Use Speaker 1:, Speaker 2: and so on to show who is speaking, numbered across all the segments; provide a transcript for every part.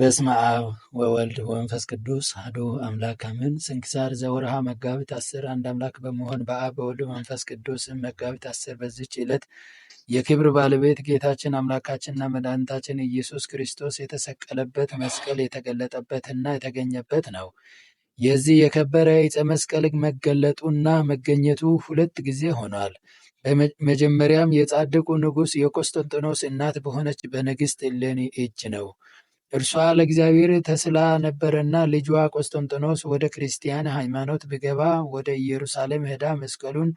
Speaker 1: በስመ አብ ወወልድ ወመንፈስ ቅዱስ አሐዱ አምላክ አሜን። ስንክሳር ዘውርሃ መጋቢት አስር አንድ አምላክ በመሆን በአብ በወልድ መንፈስ ቅዱስ መጋቢት አስር በዚች ዕለት የክብር ባለቤት ጌታችን አምላካችንና መድኃኒታችን ኢየሱስ ክርስቶስ የተሰቀለበት መስቀል የተገለጠበትና የተገኘበት ነው። የዚህ የከበረ ዕፀ መስቀል መገለጡና መገኘቱ ሁለት ጊዜ ሆኗል። በመጀመሪያም የጻድቁ ንጉሥ የቆስጠንጢኖስ እናት በሆነች በንግሥት ዕሌኒ እጅ ነው። እርሷ ለእግዚአብሔር ተስላ ነበረና ልጇ ቆስጠንጥኖስ ወደ ክርስቲያን ሃይማኖት ብገባ ወደ ኢየሩሳሌም ሄዳ መስቀሉን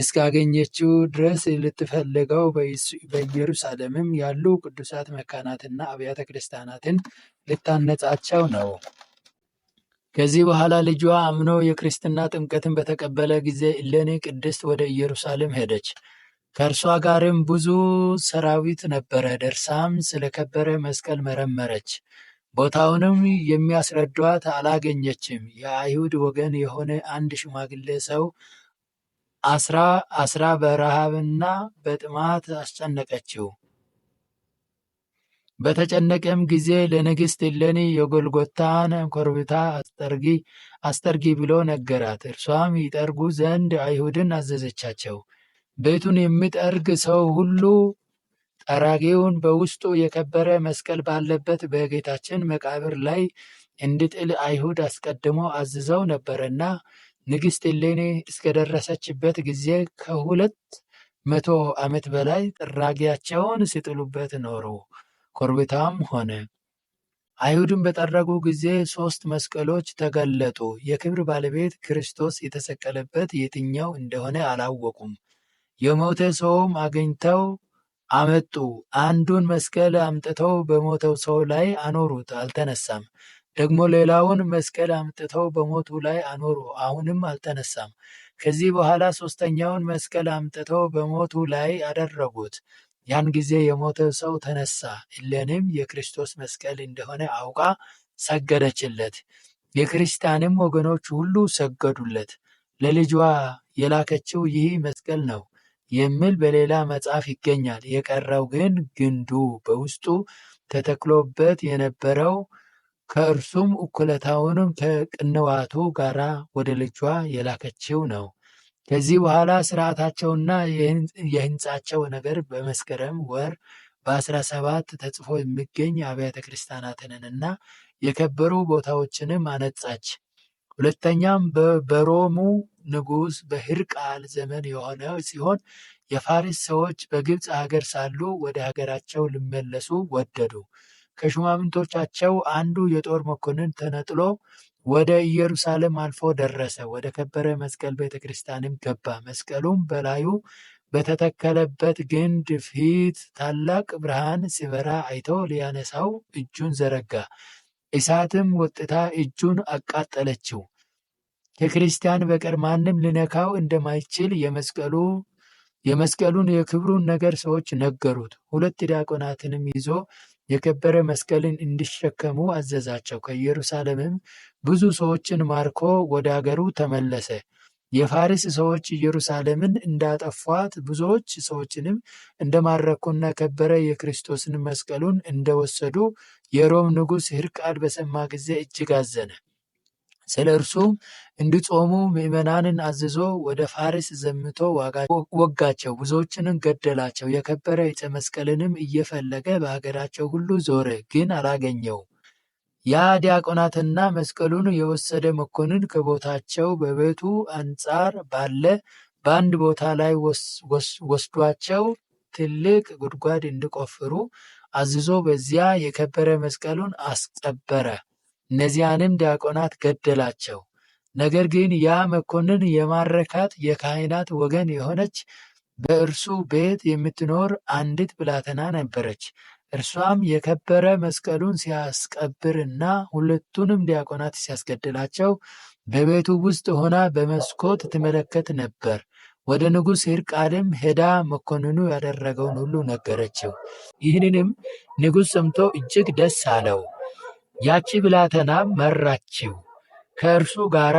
Speaker 1: እስካገኘችው ድረስ ልትፈልገው በኢየሩሳሌምም ያሉ ቅዱሳት መካናትና አብያተ ክርስቲያናትን ልታነጻቸው ነው። ከዚህ በኋላ ልጇ አምኖ የክርስትና ጥምቀትን በተቀበለ ጊዜ እሌኒ ቅድስት ወደ ኢየሩሳሌም ሄደች። ከእርሷ ጋርም ብዙ ሰራዊት ነበረ። ደርሳም ስለ ከበረ መስቀል መረመረች፣ ቦታውንም የሚያስረዷት አላገኘችም። የአይሁድ ወገን የሆነ አንድ ሽማግሌ ሰው አስራ በረሃብና በጥማት አስጨነቀችው። በተጨነቀም ጊዜ ለንግሥት እሌኒ የጎልጎታን ኮረብታ አስጠርጊ ብሎ ነገራት። እርሷም ይጠርጉ ዘንድ አይሁድን አዘዘቻቸው። ቤቱን የሚጠርግ ሰው ሁሉ ጠራጊውን በውስጡ የከበረ መስቀል ባለበት በጌታችን መቃብር ላይ እንዲጥል አይሁድ አስቀድሞ አዝዘው ነበረና ንግሥት እሌኒ እስከደረሰችበት ጊዜ ከሁለት መቶ ዓመት በላይ ጥራጊያቸውን ሲጥሉበት ኖሩ። ኮርብታም ሆነ። አይሁድም በጠረጉ ጊዜ ሦስት መስቀሎች ተገለጡ። የክብር ባለቤት ክርስቶስ የተሰቀለበት የትኛው እንደሆነ አላወቁም። የሞተ ሰውም አግኝተው አመጡ። አንዱን መስቀል አምጥተው በሞተው ሰው ላይ አኖሩት፣ አልተነሳም። ደግሞ ሌላውን መስቀል አምጥተው በሞቱ ላይ አኖሩ፣ አሁንም አልተነሳም። ከዚህ በኋላ ሶስተኛውን መስቀል አምጥተው በሞቱ ላይ አደረጉት። ያን ጊዜ የሞተ ሰው ተነሳ፣ እሌኒም የክርስቶስ መስቀል እንደሆነ አውቃ ሰገደችለት። የክርስቲያንም ወገኖች ሁሉ ሰገዱለት። ለልጇ የላከችው ይህ መስቀል ነው። የሚል በሌላ መጽሐፍ ይገኛል። የቀረው ግን ግንዱ በውስጡ ተተክሎበት የነበረው ከእርሱም እኩለታውንም ከቅንዋቱ ጋር ወደ ልጇ የላከችው ነው። ከዚህ በኋላ ስርዓታቸውና የህንፃቸው ነገር በመስከረም ወር በ17 ተጽፎ የሚገኝ አብያተ ክርስቲያናትንና የከበሩ ቦታዎችንም አነጻች። ሁለተኛም በሮሙ ንጉሥ በሂርቃል ዘመን የሆነ ሲሆን የፋሪስ ሰዎች በግብፅ አገር ሳሉ ወደ ሀገራቸው ሊመለሱ ወደዱ። ከሹማምንቶቻቸው አንዱ የጦር መኮንን ተነጥሎ ወደ ኢየሩሳሌም አልፎ ደረሰ። ወደ ከበረ መስቀል ቤተ ክርስቲያንም ገባ። መስቀሉም በላዩ በተተከለበት ግንድ ፊት ታላቅ ብርሃን ሲበራ አይቶ ሊያነሳው እጁን ዘረጋ። እሳትም ወጥታ እጁን አቃጠለችው። ከክርስቲያን በቀር ማንም ሊነካው እንደማይችል የመስቀሉ የመስቀሉን የክብሩን ነገር ሰዎች ነገሩት። ሁለት ዲያቆናትንም ይዞ የከበረ መስቀልን እንዲሸከሙ አዘዛቸው። ከኢየሩሳሌምም ብዙ ሰዎችን ማርኮ ወደ አገሩ ተመለሰ። የፋርስ ሰዎች ኢየሩሳሌምን እንዳጠፏት ብዙዎች ሰዎችንም እንደማረኩና ከበረ የክርስቶስን መስቀሉን እንደወሰዱ የሮም ንጉሥ ሔርቃል በሰማ ጊዜ እጅግ አዘነ። ስለ እርሱም እንዲጾሙ ምዕመናንን አዝዞ ወደ ፋሪስ ዘምቶ ወጋቸው፣ ብዙዎችንም ገደላቸው። የከበረ ዕፀ መስቀልንም እየፈለገ በሀገራቸው ሁሉ ዞረ፣ ግን አላገኘውም። ያ ዲያቆናትና መስቀሉን የወሰደ መኮንን ከቦታቸው በቤቱ አንጻር ባለ በአንድ ቦታ ላይ ወስዷቸው ትልቅ ጉድጓድ እንዲቆፍሩ አዝዞ በዚያ የከበረ መስቀሉን አስቀበረ። እነዚያንም ዲያቆናት ገደላቸው። ነገር ግን ያ መኮንን የማረካት የካህናት ወገን የሆነች በእርሱ ቤት የምትኖር አንዲት ብላቴና ነበረች። እርሷም የከበረ መስቀሉን ሲያስቀብርና ሁለቱንም ዲያቆናት ሲያስገድላቸው በቤቱ ውስጥ ሆና በመስኮት ትመለከት ነበር። ወደ ንጉሥ ሂርቃልም ሄዳ መኮንኑ ያደረገውን ሁሉ ነገረችው። ይህንንም ንጉሥ ሰምቶ እጅግ ደስ አለው። ያቺ ብላተና መራችው። ከእርሱ ጋር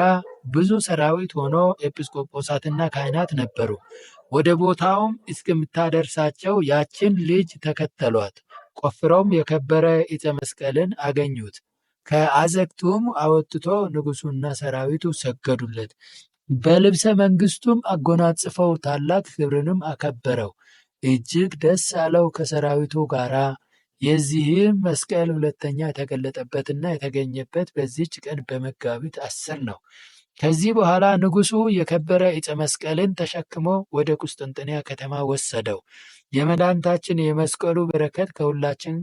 Speaker 1: ብዙ ሰራዊት ሆኖ ኤጲስቆጶሳትና ካህናት ነበሩ። ወደ ቦታውም እስከምታደርሳቸው ያችን ልጅ ተከተሏት። ቆፍረውም የከበረ ዕፀ መስቀልን አገኙት። ከአዘቅቱም አወጥቶ ንጉሱና ሰራዊቱ ሰገዱለት። በልብሰ መንግስቱም አጎናጽፈው ታላቅ ክብርንም አከበረው። እጅግ ደስ አለው ከሰራዊቱ ጋር። የዚህም መስቀል ሁለተኛ የተገለጠበትና የተገኘበት በዚች ቀን በመጋቢት አስር ነው። ከዚህ በኋላ ንጉሱ የከበረ ዕፀ መስቀልን ተሸክሞ ወደ ቁስጥንጥንያ ከተማ ወሰደው። የመድኃኒታችን የመስቀሉ በረከት ከሁላችን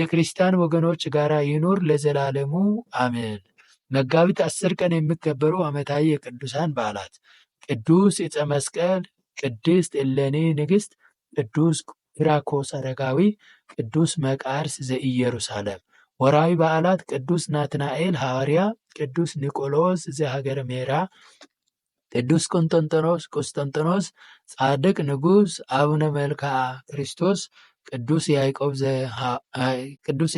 Speaker 1: የክርስቲያን ወገኖች ጋር ይኑር ለዘላለሙ አሜን። መጋቢት አስር ቀን የሚከበሩ ዓመታዊ የቅዱሳን በዓላት ቅዱስ ዕፀ መስቀል፣ ቅድስት ዕሌኒ ንግሥት፣ ቅዱስ ኪራኮስ አረጋዊ፣ ቅዱስ መቃርስ ዘኢየሩሳሌም ወራዊ በዓላት ቅዱስ ናትናኤል ሐዋርያ፣ ቅዱስ ኒቆላዎስ ዘሀገረ ሜራ፣ ቅዱስ ቆስጠንጢኖስ ቆስጠንጢኖስ ጻድቅ ንጉሥ፣ አቡነ መልክዓ ክርስቶስ፣ ቅዱስ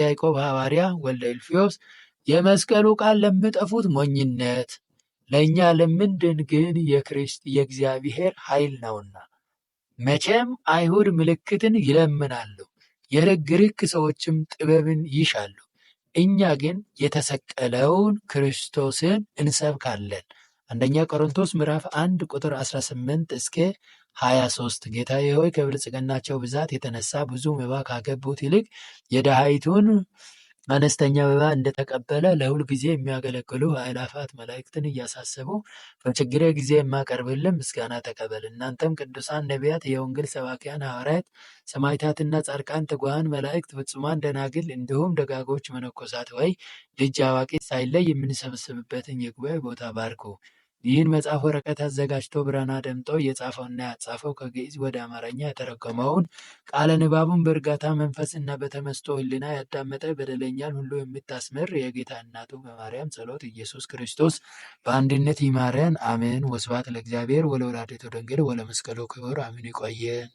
Speaker 1: ያዕቆብ ሐዋርያ ወልደ እልፍዮስ። የመስቀሉ ቃል ለሚጠፉት ሞኝነት፣ ለእኛ ለምንድን ግን የእግዚአብሔር ኃይል ነውና። መቼም አይሁድ ምልክትን ይለምናሉ፣ የግሪክ ሰዎችም ጥበብን ይሻሉ። እኛ ግን የተሰቀለውን ክርስቶስን እንሰብካለን። አንደኛ ቆሮንቶስ ምዕራፍ 1 ቁጥር 18 እስከ 23 ጌታ ሆይ ከብልጽግናቸው ብዛት የተነሳ ብዙ መባ ካገቡት ይልቅ የድሃይቱን አነስተኛ መባ እንደተቀበለ ለሁል ጊዜ የሚያገለግሉ አእላፋት መላእክትን እያሳሰቡ፣ በችግሬ ጊዜ የማቀርብልን ምስጋና ተቀበል። እናንተም ቅዱሳን ነቢያት፣ የወንጌል ሰባኪያን ሐዋርያት፣ ሰማዕታትና ጻድቃን፣ ትጉሃን መላእክት፣ ፍጹማን ደናግል፣ እንዲሁም ደጋጎች መነኮሳት ወይ ልጅ አዋቂ ሳይለይ የምንሰበስብበትን የጉባኤ ቦታ ባርኩ። ይህን መጽሐፍ ወረቀት አዘጋጅቶ ብራና ደምጠው እና ያጻፈው ከግዕዝ ወደ አማርኛ የተረጎመውን ቃለ ንባቡን በእርጋታ መንፈስ እና በተመስጦ ሕሊና ያዳመጠ በደለኛን ሁሉ የምታስምር የጌታ እናቱ በማርያም ጸሎት ኢየሱስ ክርስቶስ በአንድነት ይማረን። አሜን። ወስብሐት ለእግዚአብሔር ወለወላዲቱ ድንግል ወለመስቀሉ ክቡር። አሜን። ይቆየን።